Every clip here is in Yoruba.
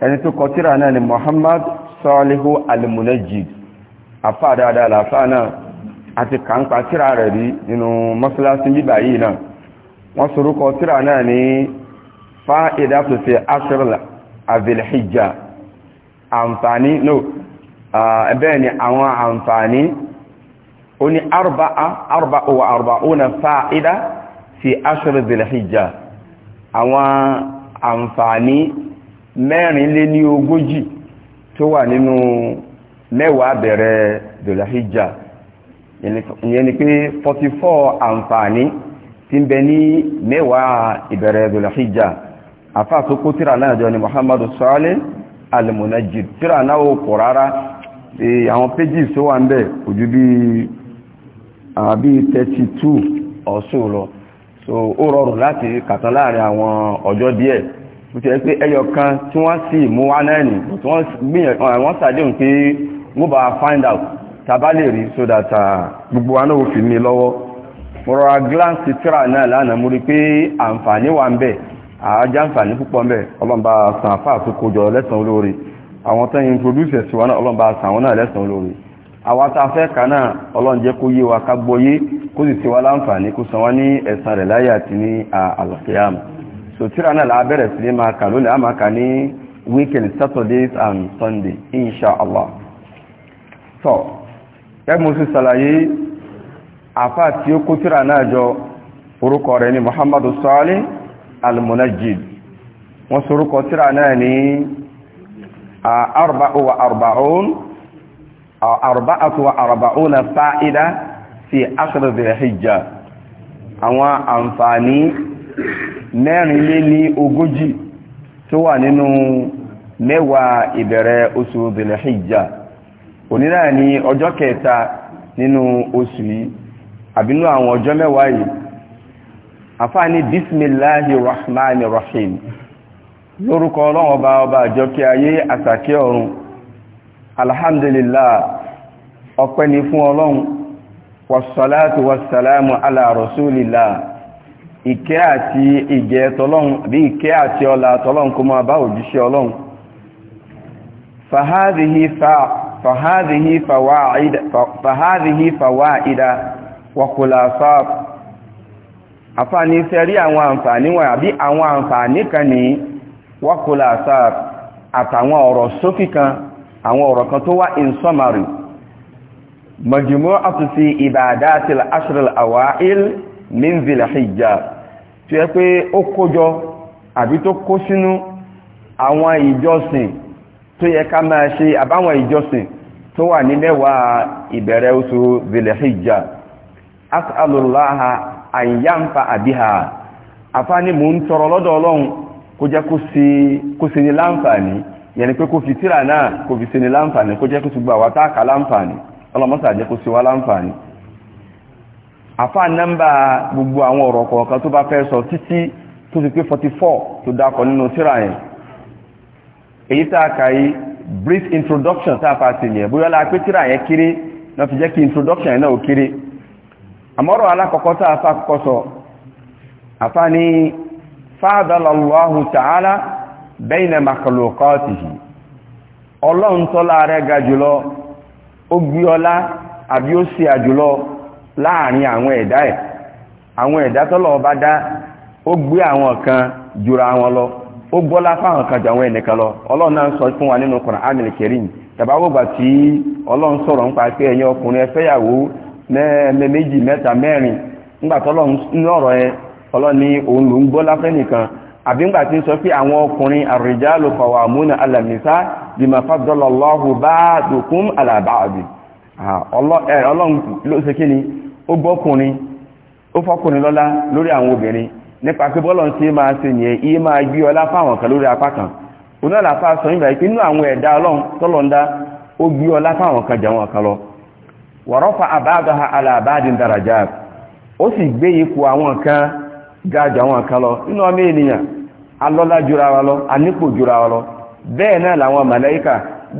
ẹni tó kọ tírà náà ni Muhammad Salihu al-Munajjid afá dáadáa làfá náà àti kàńpà tírà rẹ̀ rí nínú mọ́sálásí bíbà yìí náà wọ́n sorúkọ tírà náà ní fa'idatu fi asr al-hijja àǹfààní no ẹ̀bẹ́ ni àwọn àǹfààní ó ní arba'a arba'u wa arba'una fa'ida fi asr al-hijja àwọn àǹfààní mẹ́rin lé ní ogójì tó wà nínú mẹ́wàá bẹ̀rẹ̀ dòláhíjà ìyẹn ni pé 44 àǹfààní tí ń bẹ ní mẹ́wàá ìbẹ̀rẹ̀ dòláhíjà àfáà tó kó tíra náà jọ ni Muhammadu Salih al-Munajjid tíra náà ó pọ̀ rárá àwọn pages tó wà ń bẹ̀ ojú bí àbí 32 ọ̀sùn lọ so ó rọrùn láti kàtà láàrin àwọn ọjọ́ díẹ̀ ó ti ẹ́ pé ẹyọ kan tí wọ́n sì mú wá náà nì tí wọ́n gbìyànjú eh, wọ́n ṣàdéhùn pé wọ́n bá find out tàbá lè rí so that ah, gbogbo wa náà ò fi mí lọ́wọ́ mo rọra glance tíra náà lánàá mo rí pé àǹfààní wà ń bẹ àájá àǹfààní púpọ̀ ń bẹ ọlọ́mbà sàn àfáà tó kojọ lẹ́sàn olóore àwọn tó introduce ẹ̀sùn wọn ọlọ́mbà sàn wọn náà lẹ́sàn olóore àwọn tá a fẹ́ kà náà ọlọ́njẹ́ kó yé wa ká gbọ́yé kó sì ti wá láǹfààní kó san wá ní ẹ̀san rẹ̀ láyé àti ní ah, àlàkíyàmù so tíra náà lábẹ́rẹ̀ sí lè máa kà lónìí a máa kà ní weekend saturdays and sunday inshallah so ẹgbùn sí sàlàyé àfá tí ó kó tíra náà jọ orúkọ rẹ̀ ní muhammadu sọ́ọ́lì al-munajjid wọ́n sọ orúkọ tíra náà ní arba'u wa fa'ida fi ashr àwọn àǹfààní mẹ́rin lé ní ogójì tó wà nínú mẹ́wàá ìbẹ̀rẹ̀ oṣù Dhul-Hijjah òní náà ní ọjọ́ kẹta nínú oṣù yìí àbínú àwọn ọjọ́ mẹ́wàá yìí ní bismillahi rahman rahim lórúkọ ọlọ́wọ́ bá ọba àjọkẹ́ ayé àsàkẹ́ ọ̀run alhamdulillah ọpẹ́ ni fún ọlọ́run wassalatu wassalamu ala rasulila. ìkẹ́ àti ìjẹ́ tọ́lọ́run bí ìkẹ́ àti ọlá tọ́lọ́run kó máa bá òjíṣẹ́ ọlọ́run fàhádìí fàwáìdá wàkùlàfà àfàní sẹ́rí àwọn àǹfàní wọn àbí àwọn àǹfàní kan ní wàkùlàfà àtàwọn ọ̀rọ̀ sókí kan àwọn ọ̀rọ̀ kan tó wá in summary majmu'atu fi ibadatil awa awa'il min zilahijja tí ó pé ó kójọ àbí tó kó sínú àwọn ìjọsìn tó yẹ ká máa ṣe àbáwọn ìjọsìn tó wà ní mẹ́wàá ìbẹ̀rẹ̀ oṣù zilahijja as'alulaha àyànfà àbíhà àfáàní mò ń tọrọ lọ́dọ̀ ọlọ́run kó jẹ́ kó ṣe ní láǹfààní yẹni pé kó fi tíra náà kó fi ní láǹfààní kó jẹ́ kó láǹfààní ọlọ́mọ́sà jẹ́ kó wá láǹfààní àfáà nọ́mbà gbogbo àwọn ọ̀rọ̀ kọ̀ọ̀kan tó bá fẹ́ sọ títí tó ti pé 44 tó dákọ̀ nínú tírà yẹn èyí tá a kà yí brief introduction tá a fa ti yẹn bóyá la pé yẹn kéré náà fi jẹ́ kí introduction yẹn náà ó kéré àmọ́rọ̀ alákọ̀ọ́kọ́ tá a fa kọ́kọ́ sọ àfáà ní fàdàlọ́lọ́hù tààlà bẹ́yìn makalokọ́tìhì ọlọ́run tọ́lá rẹ̀ ga jùlọ ó gbí ọlá àbí ó àjùlọ láàrin àwọn ẹ̀dá ẹ̀ àwọn ẹ̀dá tọ́lọ̀ ọba dá ó gbé àwọn kan jura wọn lọ ó gbọ́lá fáwọn kan ẹnìkan lọ fún wa nínú Qur'anul Karim tàbáwògbà tí ọlọ́run sọ̀rọ̀ ń pa pé ẹ̀yin ọkùnrin ẹfẹ́yàwó méjì mẹ́ta mẹ́rin ńgbà tọ́lọ́run ó gbọ́kùnrin ó fọ́kùnrin lọ́lá lórí àwọn obìnrin nípa pé bọ́lọ̀ ń ṣe máa ṣe nìyẹn iye ọla gbé ọlá fáwọn kan lórí apá kan òun náà làfáà sọ nígbà pé nínú àwọn ẹ̀dá ọlọ́run ó ọlá fáwọn kan lọ wọ̀rọ́fà àbáàdọ́ha aláàbáàdì dàràjà ó sì gbé ipò àwọn kan ga lọ nínú ọmọ ènìyàn alọ́lá jura wa lọ anípò jura wa lọ bẹ́ẹ̀ náà làwọn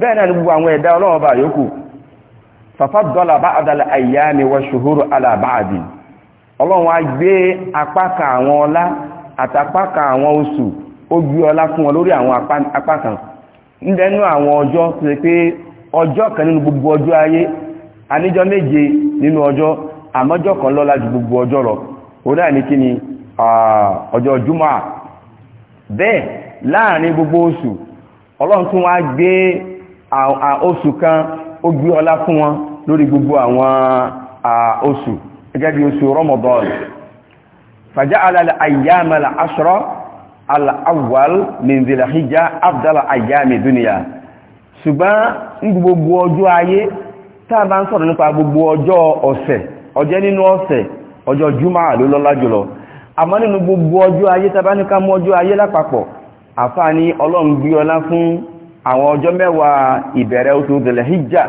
bẹ́ẹ̀ náà fafaddala ba'dal ayyami wa shuhuru ala ba'di ọlọ́run wá gbé apákan àwọn ọlá àtàpákan àwọn oṣù ó gbé ọlá fún wọn lórí àwọn apákan ńlẹ́nu àwọn ọjọ́ tó ṣe pé ọjọ́ kan nínú gbogbo ọjọ́ ayé aníjọ́ méje nínú ọjọ́ àmọ́jọ́ kan lọ́lá ju gbogbo ọjọ́ lọ ó náà ní kí ni ọjọ́ júmọ́ à bẹ́ẹ̀ láàrin gbogbo oṣù ọlọ́run tún wá gbé oṣù kan ó ọlá fún wọn lórí gbogbo àwọn oṣù gẹ́gẹ́ bí oṣù Ramadan فجعل الأيام العشرة الأول من ذي الحجة أفضل أيام الدنيا ṣùgbọ́n ní gbogbo ọjọ́ ayé táà bá ń sọ̀rọ̀ nípa gbogbo ọjọ́ ọ̀sẹ̀ ọjọ́ nínú ọ̀sẹ̀ ọjọ́ jùmọ́ ló lọ́lá jùlọ àmọ́ nínú gbogbo ọjọ́ ayé tàbá ní ká mú ọjọ́ ayé lápapọ̀ àfáà ní ọlọ́run gbé ọlá fún àwọn ọjọ́ mẹ́wàá ìbẹ̀rẹ̀ oṣù Dhul Hijjah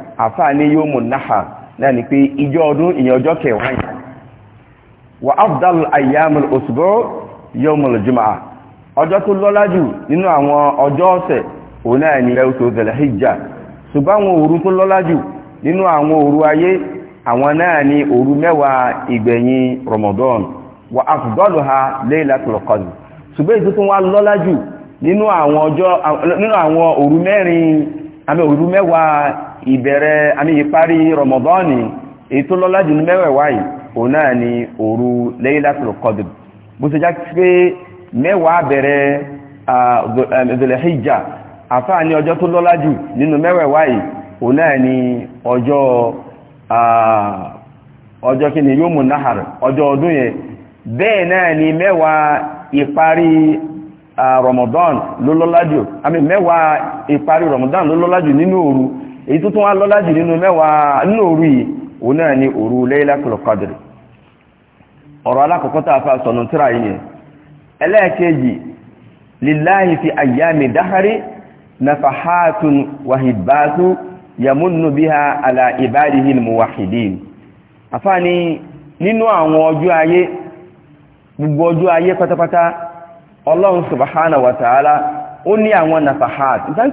àfáà ní yóò mú náà náà ni pé ìjọ ọdún ìyẹn ọjọ́ kẹwàá yẹn wà afdal ayyamul usbu yawmul jumaa ọjọ́ tó lọ́lá jù nínú àwọn ọjọ́ ọ̀sẹ̀ òun náà ni oṣù zẹ̀lẹ̀híjà ṣùgbọ́n àwọn òru tó lọ́lá jù nínú àwọn òru ayé àwọn náà ni òru mẹ́wàá ìgbẹ̀yìn Ramadan wà afdaluha laylatul qadr ṣùgbọ́n èyí tó lọ́lá ìbẹ̀rẹ̀ àmì ìparí rọmọbọ́ọ̀nì èyí tó lọ́lá ní mẹ́wẹ̀ẹ̀wá yìí òun náà ni òru Laylatul Qadr bó ṣe já pé mẹ́wàá bẹ̀rẹ̀ àfáà ní ọjọ́ tó nínú yìí náà ni ọjọ́ ọdún yẹn bẹ́ẹ̀ náà ni mẹ́wàá ìparí Ramadan èyí tó tún wá lọ́lá jù nínú mẹ́wàá nínú òru yìí òun náà ni òru Laylatul Qadr ọ̀rọ̀ alákọ̀ọ́kọ́ tá a fa sọ̀nà tíra yìí ni ẹlẹ́ẹ̀kejì lillahi fi ayyami dahari nafahatun wahibatu yamunnu biha ala ibadihi muwahidin afáàní nínú àwọn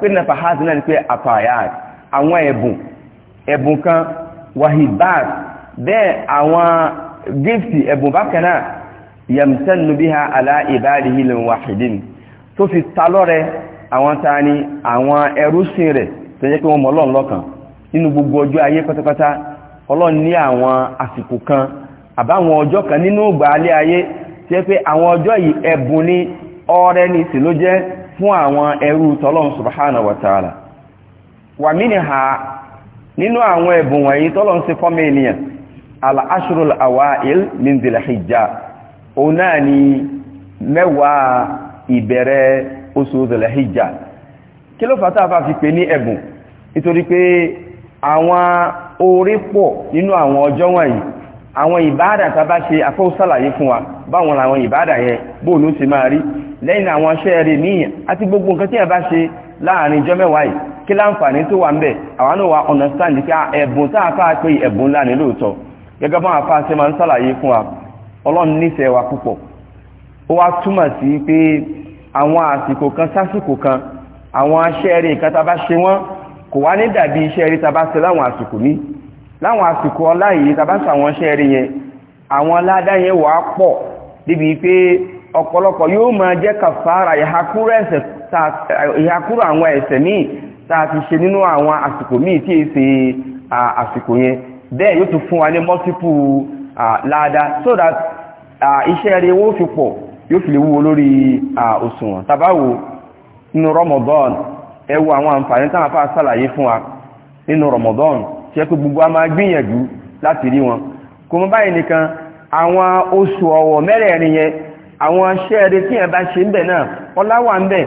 ni pé apayat àwọn ẹ̀bùn ẹ̀bùn kan wahibat bẹ́ẹ̀ àwọn gífìtì ẹ̀bùn bákan náà yamtanu biha ala ibadihi al-wahidin tó fi ta lọ́rẹ àwọn ta ni àwọn ẹrúsìn rẹ̀ tó jẹ́ pé wọ́n mọ̀ ọlọ́run lọ́kàn nínú gbogbo ọjọ́ ayé pátápátá ọlọ́run ní àwọn àsìkò kan àbáwọn ọjọ́ kan nínú ìgbà alẹ́ ayé tí ó pé àwọn ọjọ́ yìí ẹ̀bùn ní ọrẹ ní sí ló jẹ́ fún àwọn ẹrú tọ́lọ́run subhanahu wa ta'ala wà mí ní ha nínú àwọn ẹ̀bùn wọ̀nyí tọ́lọ̀ ń ṣe fọ́mọ ènìyàn al-ashrul awa'il min dhil òun náà ni mẹ́wàá ìbẹ̀rẹ̀ oṣù dhil hijja kí ló fàtà fà fi pè ní ẹ̀bùn nítorí pé àwọn orí pọ̀ nínú àwọn ọjọ́ wọ̀nyí àwọn ìbáàdà tàbá ṣe afọ́sàlàyé fún wa báwọn làwọn ìbáàdà yẹn bóòlù ti máa rí lẹ́yìn àwọn aṣẹ́ rẹ̀ níyàn àti gbogbo nǹkan tí a bá ṣe láàrin ọjọ́ mẹ́wàá yìí kí láǹfààní tó wà ń bẹ̀ àwọn náà wà understand kí ah, ẹ̀bùn tá a fáa pé ẹ̀bùn ńlá ni lóòótọ́ gẹ́gẹ́ bá àfáà ṣe máa ń sàlàyé fún wa ọlọ́run nífẹ̀ẹ́ wa púpọ̀ ó wá túmọ̀ sí pé àwọn àsìkò kan sásìkò kan àwọn aṣẹ́ rí nǹkan tá a bá ṣe wọ́n kò wá ní dàbí iṣẹ́ rí tá a bá yẹn àwọn aládá yẹn wà á pọ̀ pé ọ̀pọ̀lọpọ̀ yóò máa jẹ́ kàfàrà ìhakúrò tá a ti ṣe nínú àwọn àsìkò míì tí èsè àsìkò yẹn bẹ́ẹ̀ yóò tún fún wa ní multiple láàdá so that iṣẹ́ rẹ̀ wọ́n fi pọ̀ yóò fi lè wúwo lórí òṣùwọ̀n tàbáwò nínú Ramadan ẹ wo àwọn àǹfààní táwọn afá sàlàyé fún wa nínú Ramadan ṣe pé gbogbo a máa gbìyànjú láti rí wọn kò mọ báyìí nìkan àwọn oṣù ọ̀wọ̀ mẹ́rẹ̀ẹ̀rin yẹn àwọn iṣẹ́ rẹ̀ tí yẹn bá ṣe ń bẹ̀ náà ọlá wà ń bẹ̀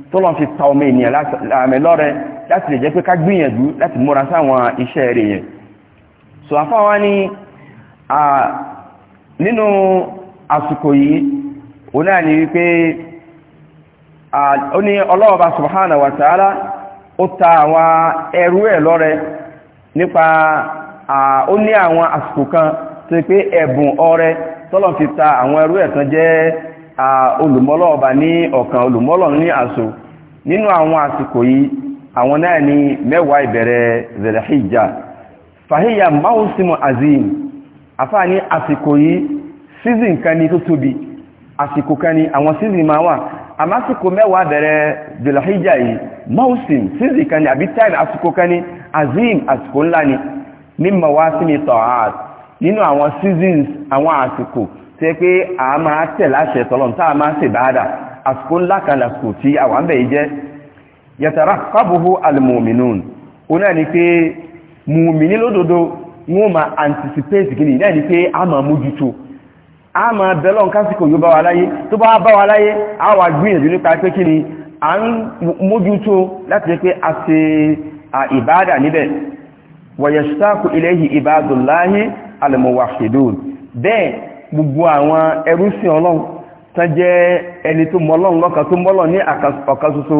tọ́lọ́n fi ta ọmọ ènìyàn láàmì lọ́rẹ láti lè jẹ́ pé ká gbìyànjú láti múra sáwọn iṣẹ́ rẹ̀ yẹn so àfáwá ní nínú àsìkò yìí ó náà ní wípé ó ní ọlọ́ọ̀bá subhana wa ta'ala ó ta àwọn ẹrú ẹ̀ lọ́rẹ nípa ó ní àwọn àsìkò kan tó pé ẹ̀bùn ọrẹ tọ́lọ́n fi ta àwọn ẹrú ẹ̀ tán jẹ́ olùmọ́lọ́ọ̀bá ní ọ̀kan olùmọ́lọ́ ní àsò nínú àwọn àsìkò yìí àwọn náà ni mẹ́wàá ìbẹ̀rẹ̀ mausimu azim afáà ní àsìkò yìí season kan ni tó tóbi àsìkò kan ni àwọn season máa wà àmásìkò mẹ́wàá bẹ̀rẹ̀ zelahijja yìí season kan ni àbí time ni azim àsìkò ńlá ni ní mawasimi nínú àwọn seasons àwọn àsìkò tẹ́ pé a tẹ̀ láṣẹ tá a àsìkò ńlá kan lásìkò tí àwọn àmì bẹ̀yẹ jẹ́ yàtàrà kábùhù almuminun ó náà ni pé mùmìnì lódodo wọ́n ma anticipate gini náà ni pé a máa mójútó a máa bẹ́lọ̀ kásìkò yóò bá wa láyé tó bá bá wa láyé a wà gbìyànjú nípa pé a ń mójútó láti jẹ́ pé a ṣe ìbáadà níbẹ̀ wọ̀yẹ̀ṣákù iléyìí ìbáadùláyé almuwahidun gbogbo àwọn ẹrúsìn ọlọ́run tán jẹ́ ẹni tó mọ́lọ́n lọ́kàn tó mọ́lọ́n ní ọ̀kan ṣoṣo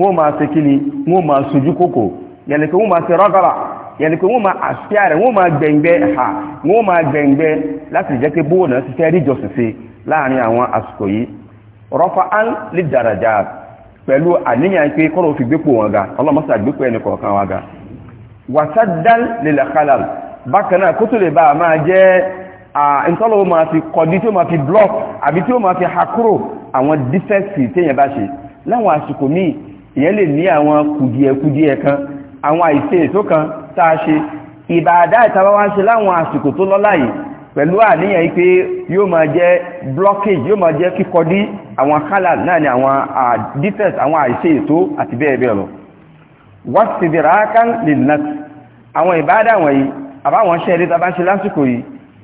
wọ́n máa ṣe kí ni wọ́n máa ṣojú kòkò yẹni wọ́n máa ṣe rọ́gọ́rà yẹni wọ́n máa àṣíà rẹ̀ wọ́n máa gbẹ̀ngbẹ́ ha wọ́n máa gbẹ̀ngbẹ́ láti jẹ́ pé bóònà ti fẹ́ rí jọ̀sìn sí láàrin àwọn àsìkò yìí rọ́fà án lè dàràjà pẹ̀lú àníyàn pé kọ́rọ̀ fi gbépò wọn ga ọlọ́mọsà gbépò ẹni kọ̀ọ̀kan wa ga ìtọ́lọ́wọ́ máa fi kọ̀dí tí ó máa fi block àbí tí ó máa fi hakúrò àwọn dífẹ́sì téèyàn bá ṣe láwọn àsìkò míì èèyàn lè ní àwọn kùdìẹ̀kùdìẹ̀ kan àwọn àìṣe ètò kan tá a ṣe ìbàdá ìtawá wá ń ṣe láwọn àsìkò tó lọ́lá yìí pẹ̀lú àníyàn pé yóò máa jẹ́ blockage yóò máa jẹ́ kíkọdí àwọn kálà náà ni àwọn defense àwọn àìṣe ètò àti bẹ́ẹ̀ bẹ́ẹ̀ lọ wọ́n ti dìrà ákán lè nà àwọn ìbàdá wọ̀nyí àbáwọn ṣẹ́rí tàbá ṣe lásìkò yìí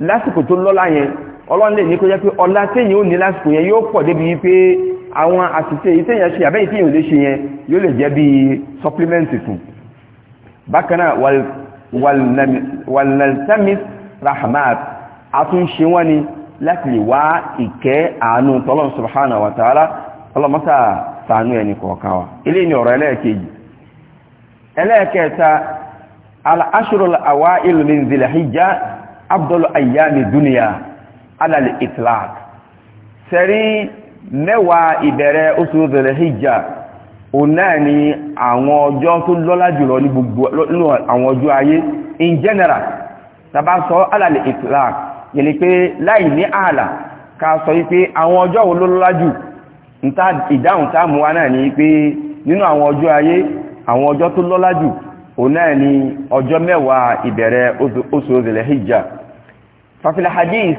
lásìkò tó lọ́lá yẹn ọlọ́run lè ní kó jẹ́ pé ọlá téèyàn ò ní lásìkò yẹn yóò pọ̀ débi wípé àwọn àṣìṣe èyí téèyàn ṣe àbẹ́yìn téèyàn ò lè ṣe yẹn yóò lè jẹ́ bíi supplementi fún bákan náà wàlnàltamis rahmat àtúnṣe wọn ni láti lè wá ìkẹ́ àánú tọ́lọ́n subhanahu wa ta'ala ọlọ́mọ́sà sànú ẹni kọ̀ọ̀kan wa ilé ni ọ̀rọ̀ ẹlẹ́ẹ̀kejì ẹlẹ́ẹ̀kẹta al-ashrul awa'il min zilhijja abdul ayyami duniya alal itlaq sẹ́rí mẹ́wàá ìbẹ̀rẹ̀ oṣù Dhul Hijja òun náà ni àwọn ọjọ́ tó lọ́lá jùlọ ní gbogbo àwọn ọjọ́ ayé in general tàbá sọ alal itlaq yẹni pé láì ní ààlà ká sọ wípé àwọn ọjọ́ wo ló lọ́lá jù ìdáhùn táàmù wa náà ni pé nínú àwọn ọjọ́ ayé àwọn ọjọ́ tó lọ́lá jù òun náà ni ọjọ́ mẹ́wàá ìbẹ̀rẹ̀ oṣù òzèlè hijja fàfilà hadith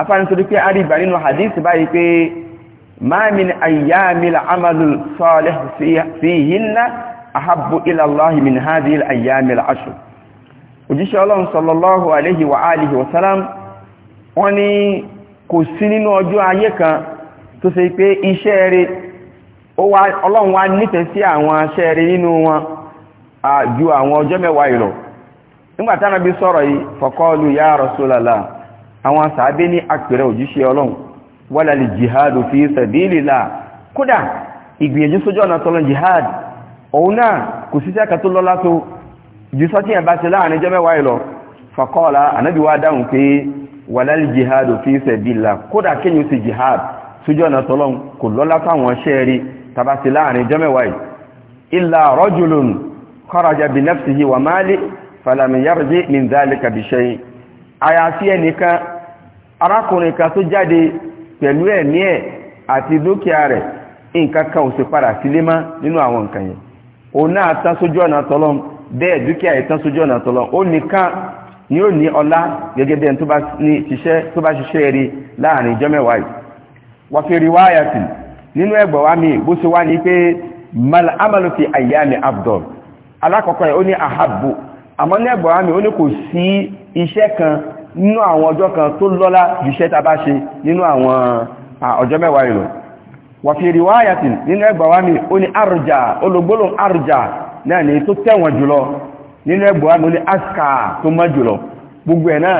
afánisọ́dún pé àríbà nínú hadith báyìí pé ma min ayyamil amalul salih fihinna ahabbu ila Allah min hadhihi al-ayyamil ashr òjíṣẹ́ ọlọ́run sallallahu alayhi wa alihi wa salam wọ́n ní kò sí nínú ọjọ́ ayé kan tó ṣe pé iṣẹ́ rẹ̀ ọlọ́run wá nífẹ̀ẹ́ sí àwọn iṣẹ́ rẹ̀ nínú wọn ju àwọn ọjọ́ mẹ́wàá ìlọ nígbà tí Ànábì sọ̀rọ̀ yìí faqalu ya Rasulallah àwọn sàábé ní àpẹẹrẹ òjíṣẹ́ ọlọ́run wala li jihadu fi sabilillah kódà ìgbìyànjú sójú ọ̀nà tọ́lọ jihad òun náà kò sí sẹ́kà tó lọ́lá tó jù sọ́tí ẹ̀bá ti láàrin jẹ́ mẹ́wàá ìlọ faqala Ànábì wá dáhùn pé wala li jihadu fi sabilillah kódà kéyìn sí jihad sójú ọ̀nà tọ́lọ kò kharaja bi nafsihi wa mali falam yarji min dhalika bi shay àyàfi ẹnìkan arákùnrin kan tó jáde pẹ̀lú ẹ̀mí ẹ̀ àti dúkìá rẹ̀ nǹkan kan ò sì padà sílé mọ́ nínú àwọn nǹkan yẹn òun náà tán sójú ọ̀nà tọ́lọ́m bẹ́ẹ̀ dúkìá yìí tán sójú ọ̀nà tọ́lọ́m ó nìkan ni ó ní ọlá gẹ́gẹ́ bí ẹni tó bá ní ṣiṣẹ́ tó bá ṣiṣẹ́ rí láàrin ìjọ mẹ́wàá yìí wa fi riwayati nínú ẹgbẹ̀ wa mi bó ṣe wá ní pé mal amalu fi alákọ̀ọ́kọ́ ẹ̀ ó ní àhàbù àmọ́ ní ẹ̀bọ̀ àmì ó ní kò sí iṣẹ́ kan nínú àwọn ọjọ́ kan tó lọ́lá jùṣẹ́ ta bá ṣe nínú àwọn ọjọ́ mẹ́wàá ìlú wà fi riwayati nínú ẹ̀bọ̀ àmì ó aska tó mọ́ jùlọ gbogbo ẹ̀ náà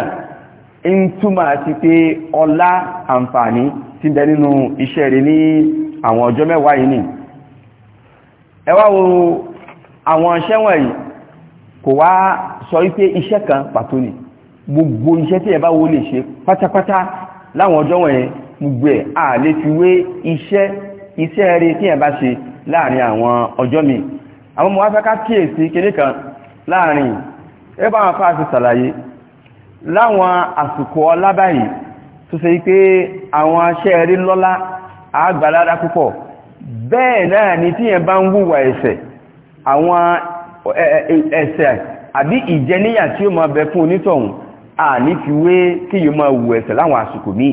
ń túmọ̀ sí pé ọlá àǹfààní ti bẹ nínú wo àwọn iṣẹ́ wọ̀nyí kò wá sọ wípé iṣẹ́ kan pàtó ni gbogbo iṣẹ́ tí ẹ bá wo lè ṣe pátápátá láwọn ọjọ́ wọ̀nyẹn gbogbo ẹ̀ a lè fi wé iṣẹ́ iṣẹ́ rẹ̀ tí ẹ bá ṣe láàrin àwọn ọjọ́ mi àwọn ọmọ afẹ́ká kíyèsí kéré kan láàrin ẹ bẹ́ẹ̀ náà ni tí ẹ bá ń wùwà ẹ̀ṣẹ̀ àwọn ẹ̀ṣẹ̀ àbí ìjẹníyà tí ó máa bẹ fún onítọ̀hún à ní fi wé kí yóò máa wù ẹ̀ṣẹ̀ láwọn àsìkò míì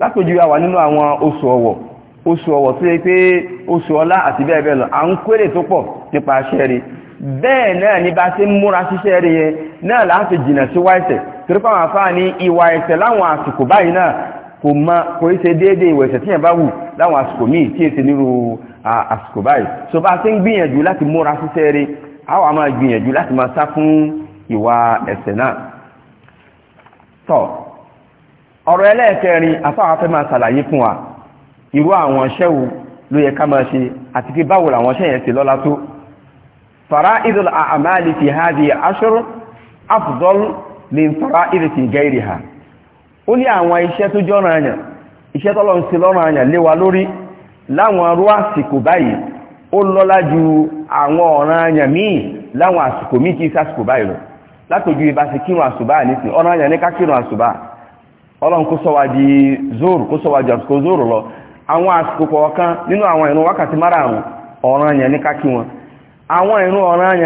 lápèjú àwà nínú àwọn oṣù ọ̀wọ̀ oṣù ọ̀wọ̀ tó yẹ pé oṣù ọlá àti bẹ́ẹ̀ bẹ́ẹ̀ lọ à ń kórè tó pọ̀ nípa aṣẹ́ rí bẹ́ẹ̀ náà ní bá ṣe ń múra ṣiṣẹ́ rí yẹn náà láti jìnà sí wá ẹ̀ṣẹ̀ torí pé àwọn afáà ní ìwà ẹ̀ṣẹ̀ láwọn àsìkò báyìí náà kò mọ kò ṣe déédéé ìwẹ̀ṣẹ̀ tíyẹn bá wù láwọn àsìkò míì tí èsì nírú àsìkò báyìí so bá a ṣe ń gbìyànjú láti múra ṣiṣẹ́ rí a wà máa gbìyànjú láti máa sá fún ìwà ẹ̀ṣẹ̀ náà tọ́ ọ̀rọ̀ ẹlẹ́ẹ̀kẹrin afáwọn afẹ́ máa ṣàlàyé fún wa irú àwọn iṣẹ́ wo ló yẹ ká máa ṣe àti pé báwo làwọn iṣẹ́ yẹn lọ́lá tó fara'idul a'mali fi hadhihi ashr afdal min fara'id fi ghayriha ó ní àwọn iṣẹ́ tó jọ́ràn àyàn iṣẹ́ tọ́lọ́ láwọn arú àsìkò báyìí ó lọ́lá ju àwọn ọ̀ràn àyàn míì láwọn àsìkò míì kí sásìkò báyìí lọ látòjú ibà sí kírun àsùbá nísìn ọ̀ràn àyàn ní ká àsùbá ọlọ́run kó di zoro kó di àsìkò zoro lọ àwọn àsìkò kọ̀ọ̀kan nínú àwọn ìrun wákàtí márààrún ọ̀ràn àyàn ní ká wọn àwọn ìrun ọ̀ràn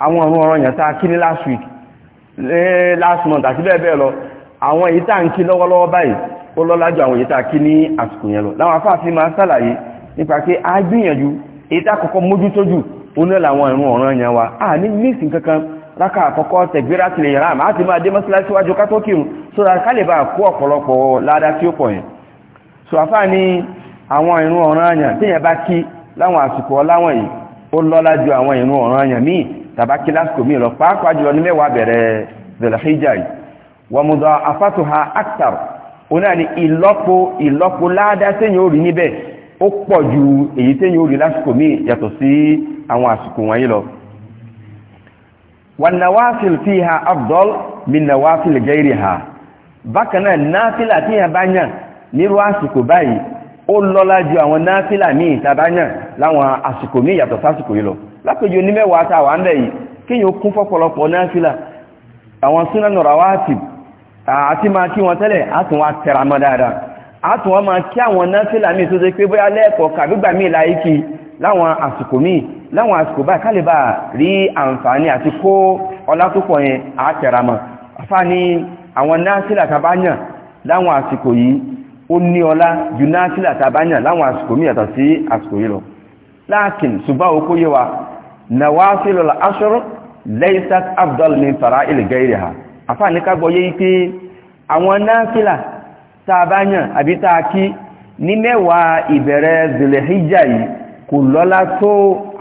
a ní last month àti bẹ́ẹ̀ bẹ́ẹ̀ lọ àwọn èyí tá ń kí lọ́wọ́lọ́wọ́ báyìí ó lọ́lá jù àwọn èyí tá kí ní àsìkò yẹn lọ láwọn afáàfin máa sàlàyé nípa pé a gbìyànjú èyí tá kọ́kọ́ mójútójú oní làwọn ìrún ọ̀ràn yẹn wa a ní mísì kankan rákà àkọ́kọ́ tẹ̀gbéra tilẹ̀ yàrá àmà àti máa dé mọ́síláṣí wájú ká tó kírun so that ká lè bá kó ọ̀pọ̀lọpọ̀ ládá tí ó pọ̀ yẹn so àfáà ní àwọn ìrún ọ̀ràn yẹn téèyàn bá kí láwọn àsìkò ọláwọ̀n yìí ó lọ́lá ju àwọn ìrún ọ̀ràn yẹn míì tàbá kí lásìkò míì lọ pàápàá jùlọ ní mẹ́wàá bẹ̀rẹ̀ zelahija yìí wọ́n mú dán afátuha aktar ó náà ní ìlọ́po ìlọ́po ládàá téèyàn ó rí níbẹ̀ ó pọ̀ ju èyí téèyàn ó rí lásìkò míì yàtọ̀ sí àwọn àsìkò wọ̀nyí lọ wọn nawafil fiha mi min nawafil gairiha bákan náà náfìlà téèyàn bá yàn nírú àsìkò báyìí ó lọ́lá ju àwọn náfìlà míì tàbá yàn láwọn àsìkò míì yàtọ̀ sásìkò yìí lọ lápèjì onímẹ́wàá tá wà ń bẹ̀ yìí kíyàn kún fọ́pọ̀lọpọ̀ náfílà àwọn súnánà rawatib àti máa kí wọn tẹ́lẹ̀ àtún wá tẹ̀ra mọ́ dáadáa àtún wọ́n máa kí àwọn náfílà míì tó ṣe pé bóyá lẹ́ẹ̀kọ́ kàbígbà míì láyé kí láwọn àsìkò míì láwọn àsìkò báyìí ká rí àǹfààní àti kó ọlá tó pọ̀ yẹn àtẹ̀ra mọ́ àfáàní àwọn náfílà tàbáyàn láwọn àsìkò yìí ó ní ọlá ju náfílà tàbáyàn láwọn àsìkò míì yàtọ̀ sí àsìkò yìí lọ láàkín suba òkú yé wa nàwáṣílò aṣọ́rọ̀ lẹ́yìnsat abdul ní fara ilẹ̀gẹ́ ìrẹ̀ ha àfáàní ká gbọ́yé pé àwọn náàfílà tàbáyàn àbí tààkí ní mẹ́wàá ìbẹ̀rẹ̀ zilehijjá yìí kò lọ́lá tó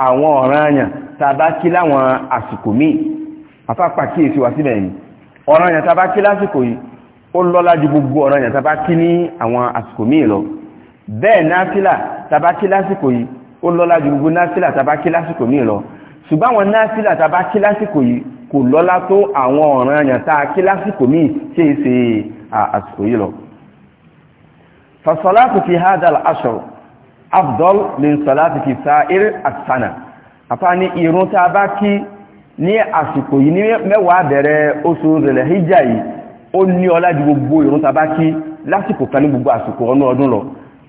àwọn ọ̀ranyàn tàbákí láwọn àsìkò míì àfáàpà kí èsì wà síbẹ̀ yìí ọ̀ranyàn tàbákí lásìkò yìí ó lọ́lá ju gbogbo ọ̀ranyàn tàbákí ní àwọn àsìkò míì lọ bẹ́ẹ̀ náàfílà tàbákí lásìkò yìí ó lọ́lá ju gbogbo násílà tàbá kí lásìkò míì lọ ṣùgbọ́n àwọn násílà tàbá kí lásìkò yìí kò lọ́lá tó àwọn ọ̀ràn àyàn tá a kí lásìkò míì ṣe é ṣe àsìkò yìí lọ. fasolati fi hadal ashor afdol min solati fi sa'ir asana àfààní irun tá a bá kí ní àsìkò yìí ní mẹ́wàá bẹ̀rẹ̀ oṣù rẹ̀lẹ̀ hijja ó ní ọlá ju gbogbo irun tá a bá kí lásìkò kan ní gbogbo àsìkò ọdún ọdún lọ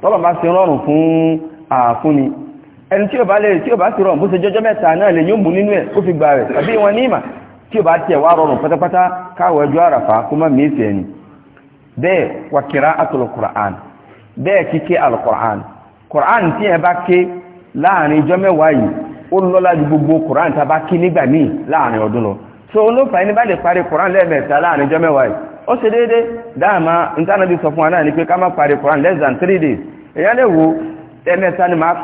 tọ́lọ̀ bá ṣe rọrùn fún àfúnni ẹni tí ó bá lè tí ó bá ti rọrùn bó ṣe jọjọ́ mẹ́ta náà lè yóò mú nínú ẹ̀ ó fi gbà rẹ̀ tàbí wọn ní ìmà tí ó bá rọrùn pátápátá káwọ̀ ẹjọ́ àràfà kó má mìíràn ẹni bẹ́ẹ̀ wà kìrá àtọ̀lọ̀ Qur'an al-Qur'an Qur'an tí ẹ bá ké láàrin so olófà ẹni bá lè parí koran lẹ́ẹ̀mẹ̀ta láàrin jọ mẹ́wàá yìí ó ṣe déédé dáàmà ìtànàbí sọ fún wa náà pé ká má parí koran less than three days èyàn lè wo ni ma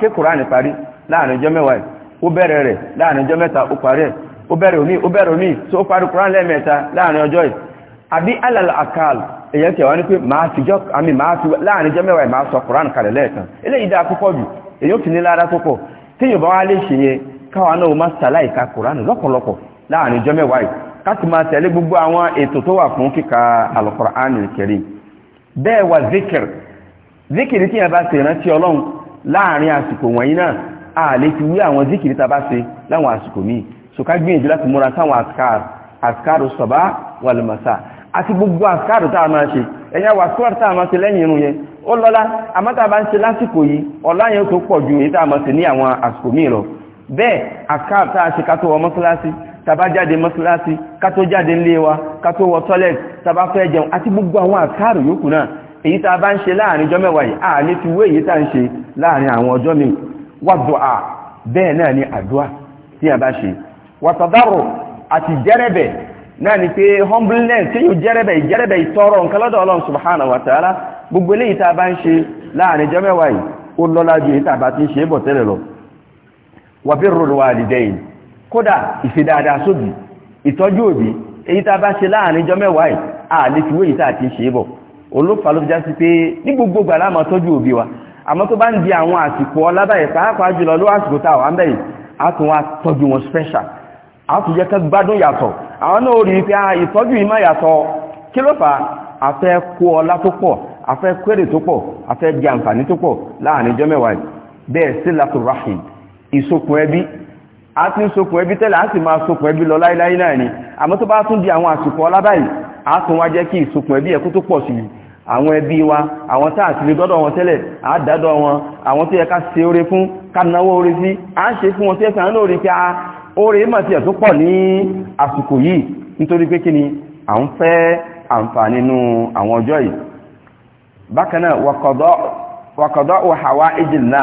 ké koran parí láàrin jọ mẹ́wàá yìí ó bẹ̀rẹ̀ rẹ̀ láàrin jọ mẹ́ta ó ẹ̀ ó bẹ̀rẹ̀ omi so ó parí koran lẹ́ẹ̀mẹ̀ta láàrin ọjọ́ yìí àbí akal èyàn tẹ̀ ní pé máa fi jọ àmì máa fi láàrin jọ mẹ́wàá koran káwa náà má sàláì ka kùránù lọ́pọ̀lọpọ̀ láàrin ọjọ́ mẹ́wàá yìí ká sì máa tẹ̀lé gbogbo àwọn ètò tó wà fún kíka alukọ̀ránù kẹrin bẹ́ẹ̀ wà zikir zikiri tí yẹn bá ṣe rántí ọlọ́run láàrin àsìkò wọ̀nyí náà a lè ti wí àwọn zikiri tá a bá ṣe láwọn àsìkò míì so ká gbìyànjú láti múra sáwọn àsìkáàrù àsìkáàrù sọ̀bá wàlùmọ̀sá àti gbogbo àsìkáàrù tá a máa ṣe ẹ̀yà wà síwájú tá a máa ṣe lẹ́yìn irun yẹn ó lọ́lá àmọ́ a bá ń ṣe lásìkò yìí ọ̀la tó pọ̀ ju èyí tá a máa ṣe ní àwọn àsìkò míì lọ bẹ́ẹ̀ àkáàb tá a ṣe kátó wọ mọ́sálásí tàbá jáde mọ́sálásí kátó jáde nílé wa kátó wọ tọ́lẹ̀t tàbá fẹ́ jẹun àti gbogbo àwọn àkáàrù yòókù náà èyí tá a bá ń ṣe láàrin ọjọ́ mẹ́wàá yìí àní ti wé èyí tá a ń ṣe láàrin àwọn ọjọ́ mi wàdùà bẹ́ẹ̀ náà ni àdúà tí a bá ṣe wàtàdárò àti jẹ́rẹ̀bẹ̀ náà ni wa ta'ala gbogbo eléyìí tá a bá ń ṣe wàbírùn wàlìdẹ́yìn kódà ìfidáadá sóbì ìtọ́jú òbí èyí tá bá ṣe láàrin ijọ́ mẹ́wàá yìí ààlè fi wéyìí tàà ti ṣe é bọ̀ olófà ló já sí pé ní gbogbo gbà la máa tọ́jú òbí tó bá ń special a tún jẹ́ kẹ́ gbádùn yàtọ̀ àwọn náà rí pé ah, ìtọ́jú yìí má yàtọ̀ kí ló fà á fẹ́ kó ọlá tó pọ̀ a fẹ́ láàrin ijọ́ mẹ́wàá bẹ́ẹ̀ sí látò rahim ìsokùn ẹbí a ti ń sokùn ẹbí tẹ́lẹ̀ a sì máa sokùn ẹbí lọ láíláí náà àmọ́ tó bá di àwọn àsìkò ọlábàyìí a tún wá jẹ́ kí ìsokùn ẹbí ẹ̀kú tó pọ̀ sí àwọn ẹbí wa àwọn tá àti lè wọn tẹ́lẹ̀ a wọn àwọn tó yẹ ká se oore fún ká a ń se fún wọn tó yẹ sàn lóore pé a oore mà tiẹ̀ tó pọ̀ ní ni à ń fẹ́ àǹfààní àwọn ọjọ́ yìí bákan náà wàkọ̀dọ́ wàhàwá ìjìnlá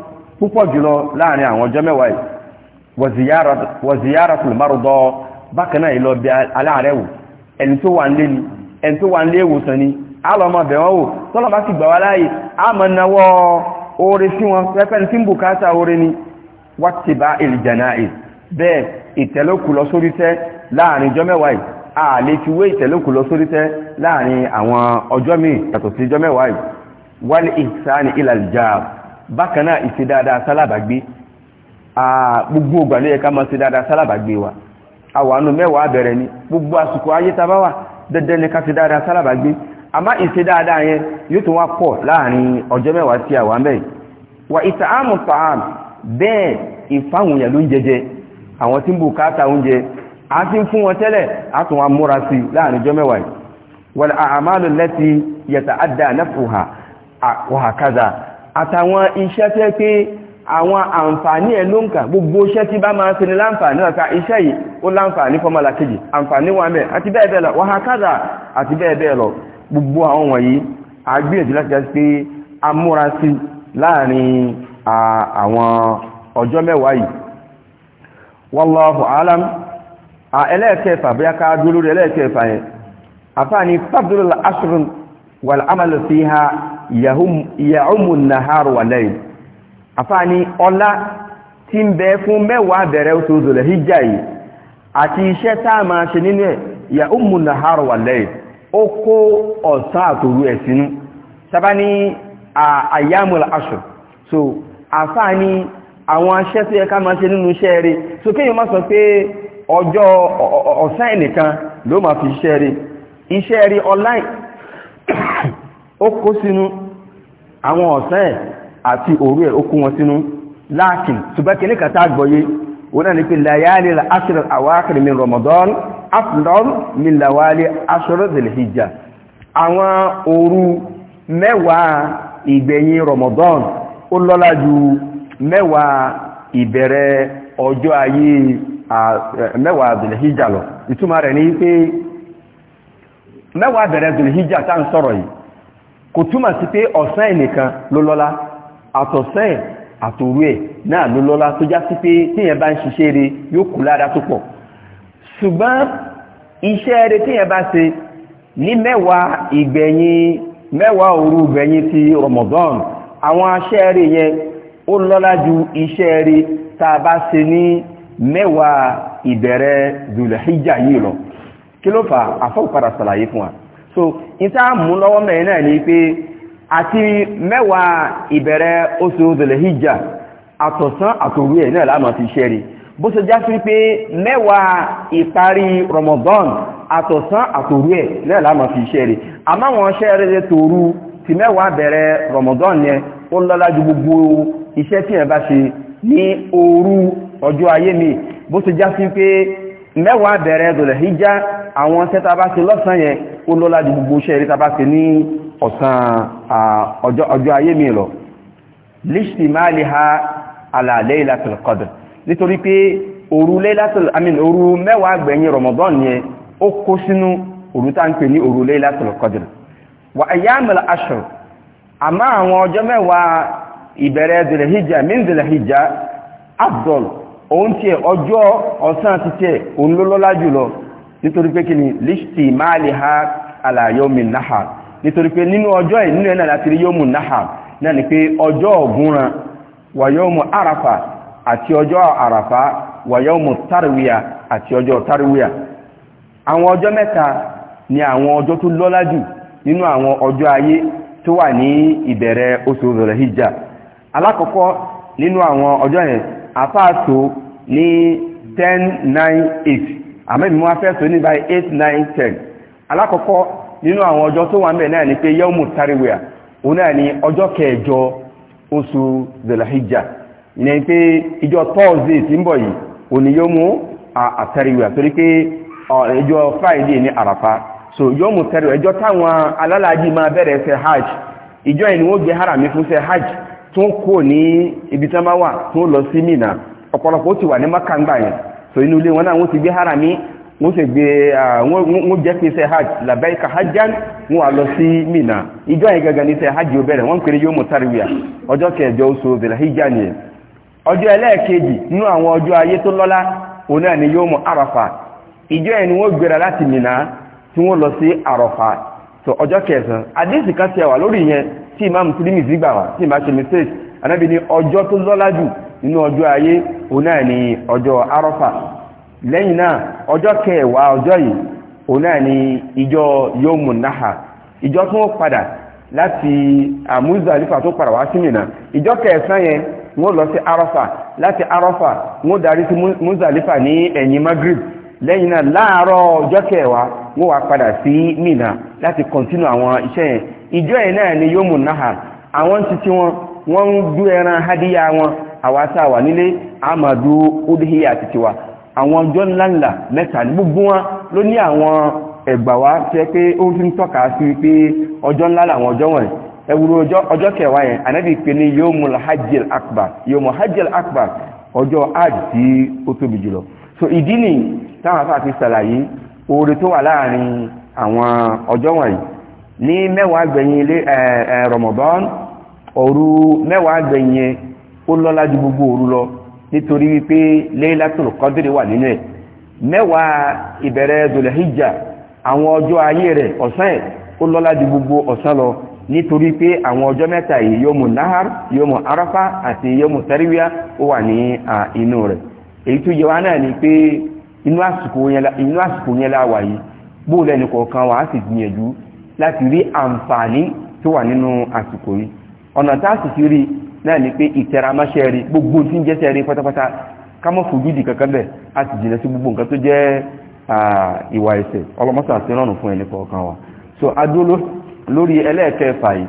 púpọ̀ jùlọ láàrin àwọn ọjọ́ mẹ́wàá yìí wa ziyaratul marda bákan náà ìlọ bí aláàrẹ̀ wò ẹni tó wà nílé ni ẹni tó wà nílé ìwòsàn ni alọ́mọ bẹ̀wọ́n wò tọ́lọ́mọ sì gbà wá láàyè àmọ́ náwọ́ oore sí wọn pẹ́pẹ́ni tí ń bùkátà oore ni wátìbá ìlìjànáì bẹ́ẹ̀ ìtẹ̀lókù lọ sórí tẹ́ láàrin ọjọ́ mẹ́wàá yìí a lè fi wé ìtẹ̀lókù lọ sórí láàrin àwọn ọjọ́ míì yàtọ̀ sí ọjọ́ mẹ́wàá yìí wal ihsani ila bákan náà ìṣe dáadáa sálábàgbé gbogbo ògbà ló yẹ ká máa ṣe dáadáa sálábàgbé wa àwànú mẹ́wàá bẹ̀rẹ̀ ni gbogbo àsìkò ayé tá bá wà dandan ni ká ṣe dáadáa sálábàgbé àmá ìṣe dáadáa yẹn yóò tún wá pọ̀ láàrin ọjọ́ mẹ́wàá tí àwa wà ìtààmù fàám bẹ́ẹ̀ ìfáhùn yẹ̀ ló ń jẹjẹ àwọn àtàwọn iṣẹ́ tẹ́ pé àwọn àǹfààní ẹ̀ ló ń kà gbogbo iṣẹ́ tí bá máa ń sinmi láǹfààní ọ̀ka iṣẹ́ yìí ó láǹfààní fọ́mọ́lá kejì àǹfààní wà mẹ́ àti bẹ́ẹ̀ bẹ́ẹ̀ lọ wàhákàdà àti bẹ́ẹ̀ bẹ́ẹ̀ lọ gbogbo àwọn wọ̀nyí àgbìyànjú láti a múra sí láàrin àwọn ọjọ́ mẹ́wàá yìí wallahu alam wàlámàlù fi ha yàhùmù nàhàrù wàlẹ́yìn àfáàní ọlá tí ń bẹ fún mẹ́wàá bẹ̀rẹ̀ oṣù zòlẹ̀ hijjá yìí àti iṣẹ́ táà máa ṣe nínú ẹ̀ yàhùmù nàhàrù wàlẹ́yìn ó kó ọ̀sán àtòru ẹ̀ sínú sábà ní àyàmùl aṣọ so àfáàní àwọn aṣẹ́ tó yẹ ká máa ṣe nínú iṣẹ́ rẹ̀ so kéèyàn ọjọ́ ọ̀sán ẹnìkan ló máa fi iṣẹ́ rẹ̀ iṣẹ́ rẹ̀ online ó kó sínú àwọn ọ̀sán ẹ̀ àti òru ẹ̀ ó kó wọn sínú láàkìn ṣùgbọ́n kìíní kan tá àgbọ́yé náà ní pé layali al-ashr al min Ramadan afdal min layali ashr Dhul-Hijjah àwọn òru mẹ́wàá ìgbẹ̀yìn Ramadan ó lọ́lá ju mẹ́wàá ìbẹ̀rẹ̀ ọjọ́ ayé mẹ́wàá Dhul-Hijjah lọ ìtumọ̀ rẹ̀ ní pé mẹ́wàá bẹ̀rẹ̀ Dhul-Hijjah tá ń sọ̀rọ̀ yìí kò túmọ̀ sí pé ọ̀sán ẹ̀ nìkan ló lọ́lá àtọ̀sán ẹ̀ àtòrú ẹ̀ náà ló lọ́lá tó já sí pé tíyẹn bá ń ṣiṣẹ́ rẹ̀ yóò kù lára tó pọ̀ ṣùgbọ́n iṣẹ́ rẹ̀ tíyẹn bá ṣe ní mẹ́wàá ìgbẹ̀yìn mẹ́wàá òru ìgbẹ̀yìn ti Ramadan àwọn aṣẹ́ rẹ̀ yẹn ó lọ́lá ju iṣẹ́ rẹ̀ tá a bá ṣe ní mẹ́wàá ìbẹ̀rẹ̀ Zulhijja yìí lọ kí ló fà á fọ́ padà ṣàlàyé fún wa so níta mú lọ́wọ́ mẹ́rin náà ni pé àti mẹ́wàá ìbẹ̀rẹ̀ oṣù Dhul-Hijjah àtọ̀sán àtòwú ẹ̀ náà láàmà ti ṣẹ́rí bó ṣe já sí pé mẹ́wàá ìparí Ramadan àtọ̀sán àtòwú ẹ̀ náà láàmà ti ṣẹ́rí àmáwọn ṣẹ́rẹ́ tòru ti mẹ́wàá bẹ̀rẹ̀ Ramadan yẹn ó lọ́lá ju gbogbo iṣẹ́ tí ẹ̀ bá ṣe ní òru ọjọ́ ayé mi bó ṣe já sí pé mẹ́wàá bẹ̀rẹ̀ Dhul-Hijjah àwọn ṣẹ́ta bá ṣe lọ́sàn yẹn ó lọ́lá ju gbogbo iṣẹ́ eré tàbá ṣe ní ọ̀sán ọjọ́ ayé mi lọ lẹ́ṣì máa lè ha àlàlẹ́ ìlàtìl qadr nítorí pé òru lẹ́látìl àmín òru mẹ́wàá gbẹ̀yìn Ramadan yẹn ó kó sínú òru tá ń pè ní òru lẹ́látìl qadr wà ayyamul ashr àmá àwọn ọjọ́ mẹ́wàá ìbẹ̀rẹ̀ dìlẹ̀híjà min dìlẹ̀híjà afdal òun tiẹ̀ ọjọ́ ọ̀sán ti tiẹ̀ òun ló lọ́lá jùlọ nítorí pé kí ni lishti máàlì ha àlàyọ́mì náà nítorí pé nínú ọjọ́ ẹ̀ nínú ẹ̀nà láti rí náà náà ni pé ọjọ́ ọ̀gúnran wàyọ́mù àràfà àti ọjọ́ àràfà wàyọ́mù tarwiya àti ọjọ́ tarwiya àwọn ọjọ́ mẹ́ta ni àwọn ọjọ́ tó lọ́lá jù nínú àwọn ọjọ́ ayé tó wà ní ìbẹ̀rẹ̀ oṣù 10 àmẹ́bí wọn fẹ́ sọ ní báyìí eight nine ten alákọ̀ọ́kọ́ nínú àwọn ọjọ́ tó wà ń bẹ̀ náà ni pé yẹ́wùmù tariwia òun náà ni ọjọ́ kẹjọ oṣù zelahija ìyẹn pé ìjọ tọ́ọ̀sì tí ń bọ̀ yìí òní yẹ́wùmù àtariwia torí pé ìjọ friday ní àràfà so yọ́mù tariwia ìjọ táwọn alálàájì máa bẹ̀rẹ̀ ṣe hajj ìjọ yìí ni wọ́n gbé harami fún ṣe hajj tó ń kò ní ibi tí wọ́n bá wà tó ń lọ sí mìnà ọ̀pọ̀lọpọ̀ ó ti wà ní makangba yẹn so inú ilé wọn náà wọ́n ti gbé harami wọ́n sì gbé wọ́n jẹ́ pé iṣẹ́ hajj labaika hajjan wọ́n wà lọ sí Mina ìjọ yẹn gangan ní iṣẹ́ hajj ó bẹ̀rẹ̀ wọ́n kiri yóò mú tariwia ọjọ́ kẹjọ oṣù zèlahijjá ni ọjọ́ ẹlẹ́ẹ̀kejì àwọn ọjọ́ ayé tó lọ́lá ni yóò mú ọjọ́ nínú ọjọ́ ayé òun náà ni ọjọ́ arọ́fà lẹ́yìn náà ọjọ́ kẹwàá ọjọ́ yìí òun náà ni ìjọ yomun naha ìjọ tó padà láti àmúzàlífà tó padà wá sí Mínà ìjọ kẹsàn yẹn wọ́n lọ sí arọ́fà láti arọ́fà wọ́n darí sí múzàlífà ní ẹ̀yìn magrib lẹ́yìn náà láàárọ̀ ọjọ́ kẹwàá wọ́n wá padà sí Mínà láti kọ̀ntínú àwọn iṣẹ́ yẹn ìjọ yẹn náà ni yomun naha àwọn títí wọn wọ́n ń gbé ẹran hádíyà wọn àwa tá wà nílé amadu udhiya àti tiwa àwọn ọjọ́ ńláńlá mẹ́ta ní gbogbo wọn ló ní àwọn ẹ̀gbà wá tẹ́ pé ó fi ń tọ́ka sí pé ọjọ́ ńlá làwọn ọjọ́ wọ̀nyí ẹwùrú ọjọ́ kẹwàá yẹn anábì pé ní yomul hajjil akbar yomul hajjil akbar ọjọ́ àjí ó tóbi jùlọ so ìdí ni táwọn afáà fi sàlàyé oore tó wà láàrin àwọn ọjọ́ wọ̀nyí ní mẹ́wàá gbẹ̀yìn Ramadan òru mẹ́wàá gbẹ̀yìn ó lọ́lá ju gbogbo òru lọ nítorí wípé Laylatul Qadr wà nínú ẹ̀ mẹ́wàá ìbẹ̀rẹ̀ Dhul-Hijja àwọn ọjọ́ ayé rẹ̀ ọ̀sán ẹ̀ ó lọ́lá ju gbogbo ọ̀sán lọ nítorí pé àwọn ọjọ́ mẹ́ta yìí yóò mú nahar yóò mú arafa àti yóò mú tẹ́ríwíà ó wà ní inú rẹ̀ èyí tó yẹ wá náà ni pé inú àsìkò yẹn láwà yìí bóòlù ẹnì kọ̀ọ̀kan wà á sì gbìyànjú láti rí àǹfààní tó wà nínú àsìkò yìí ọ̀nà tá a sì fi rí náà ni pé ìtẹ̀ramáṣẹ́ rí gbogbo tí ń jẹ́sẹ̀ rí pátápátá kámọ́ fògídì kankan bẹ̀ a ti jìnà sí gbogbo nǹkan tó jẹ́ ìwà ẹ̀ṣẹ̀ ọlọ́mọ́sà àti rọrùn fún ẹni kọ̀ọ̀kan wa so adúró lórí ẹlẹ́ẹ̀kẹfà yìí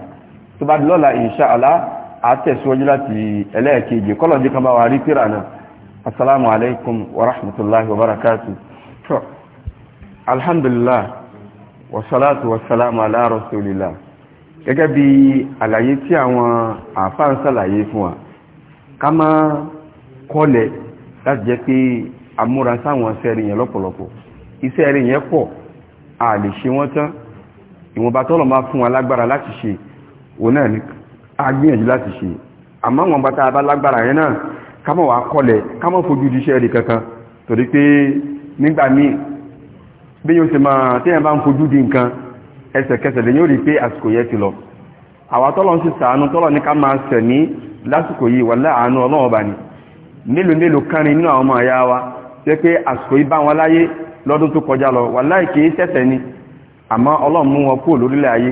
tó bá lọ́la insha Allah àtẹ̀síwájú láti ẹlẹ́ẹ̀kejì kọ́lọ̀dé kan bá wa rí tíra náà assalamu alaikum wa rahmatullahi wa barakatuh alhamdulillah wa salatu wa salamu ala rasulillah gẹ́gẹ́ bí àlàyé tí àwọn àfáà ń sàlàyé fún wa ká má kọ́lẹ̀ láti jẹ́ pé amúra sáwọn sẹ́rin yẹn lọ́pọ̀lọpọ̀ iṣẹ́ rẹ̀ yẹn pọ̀ a lè ṣe wọ́n tán ìwọ̀nba tọ́lọ̀ máa fún wa lágbára láti ṣe òun náà ní agbìyànjú láti ṣe àmọ́ wọn bá tá a bá lágbára yẹn náà ká má wá kọ́lẹ̀ ká má fojú iṣẹ́ rẹ̀ kankan torí pé nígbà míì bí yóò ṣe máa téèyàn bá ń fojú di nǹkan ẹsẹ̀kẹsẹ̀ lè yóò rí pé àsìkò yẹ ti lọ àwa tọ́lọ̀ ń sì sàánú tọ́lọ̀ ní ká máa sẹ̀mí lásìkò yìí wà láàánú ọlọ́run ọba ni mélòó mélòó kánrin nínú àwọn ọmọ àyá wa jẹ́ pé àsìkò yìí bá wọn láyé lọ́dún tó kọjá lọ wà láì kìí sẹ̀sẹ̀ ni àmọ́ ọlọ́run mú wọn kúrò lórílẹ̀ ayé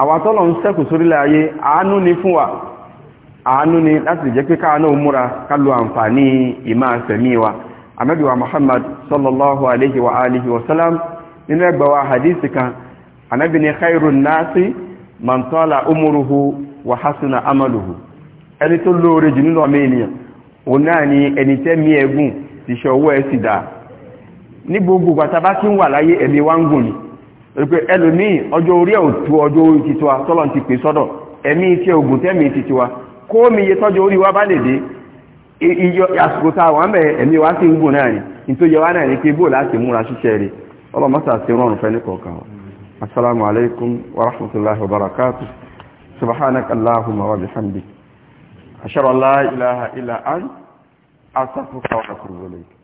àwa tọ́lọ̀ ń sẹ́kù sórílẹ̀ ayé àánú ni fún wa wa Muhammad sallallahu alaihi wa alihi wa salam nínú ẹgbẹ̀wà hadisi kan anabi ni khairun nasi man tala umuruhu wa hasuna amaluhu ẹni tó lóore jù nínú ọmọ ènìyàn o náà ni ẹni ẹ̀gùn ti ṣe ọwọ́ ẹ̀ sì dáa ní gbogbo bàtà bá tí wà láyé ẹ̀mí wá ń gùn ní pé ẹlòmíì ọjọ́ orí ẹ̀ ọjọ́ orí tọ́lọ̀ ti pè sọ́dọ̀ ẹ̀mí tí ogun tẹ́mi ti tiwa kó mi iye tọ́jọ́ orí wa bá lè dé iyọ àsìkò tá السلام عليكم ورحمة الله وبركاته سبحانك اللهم وبحمدك أشهد أن لا إله إلا أنت أستغفرك وأتوب إليك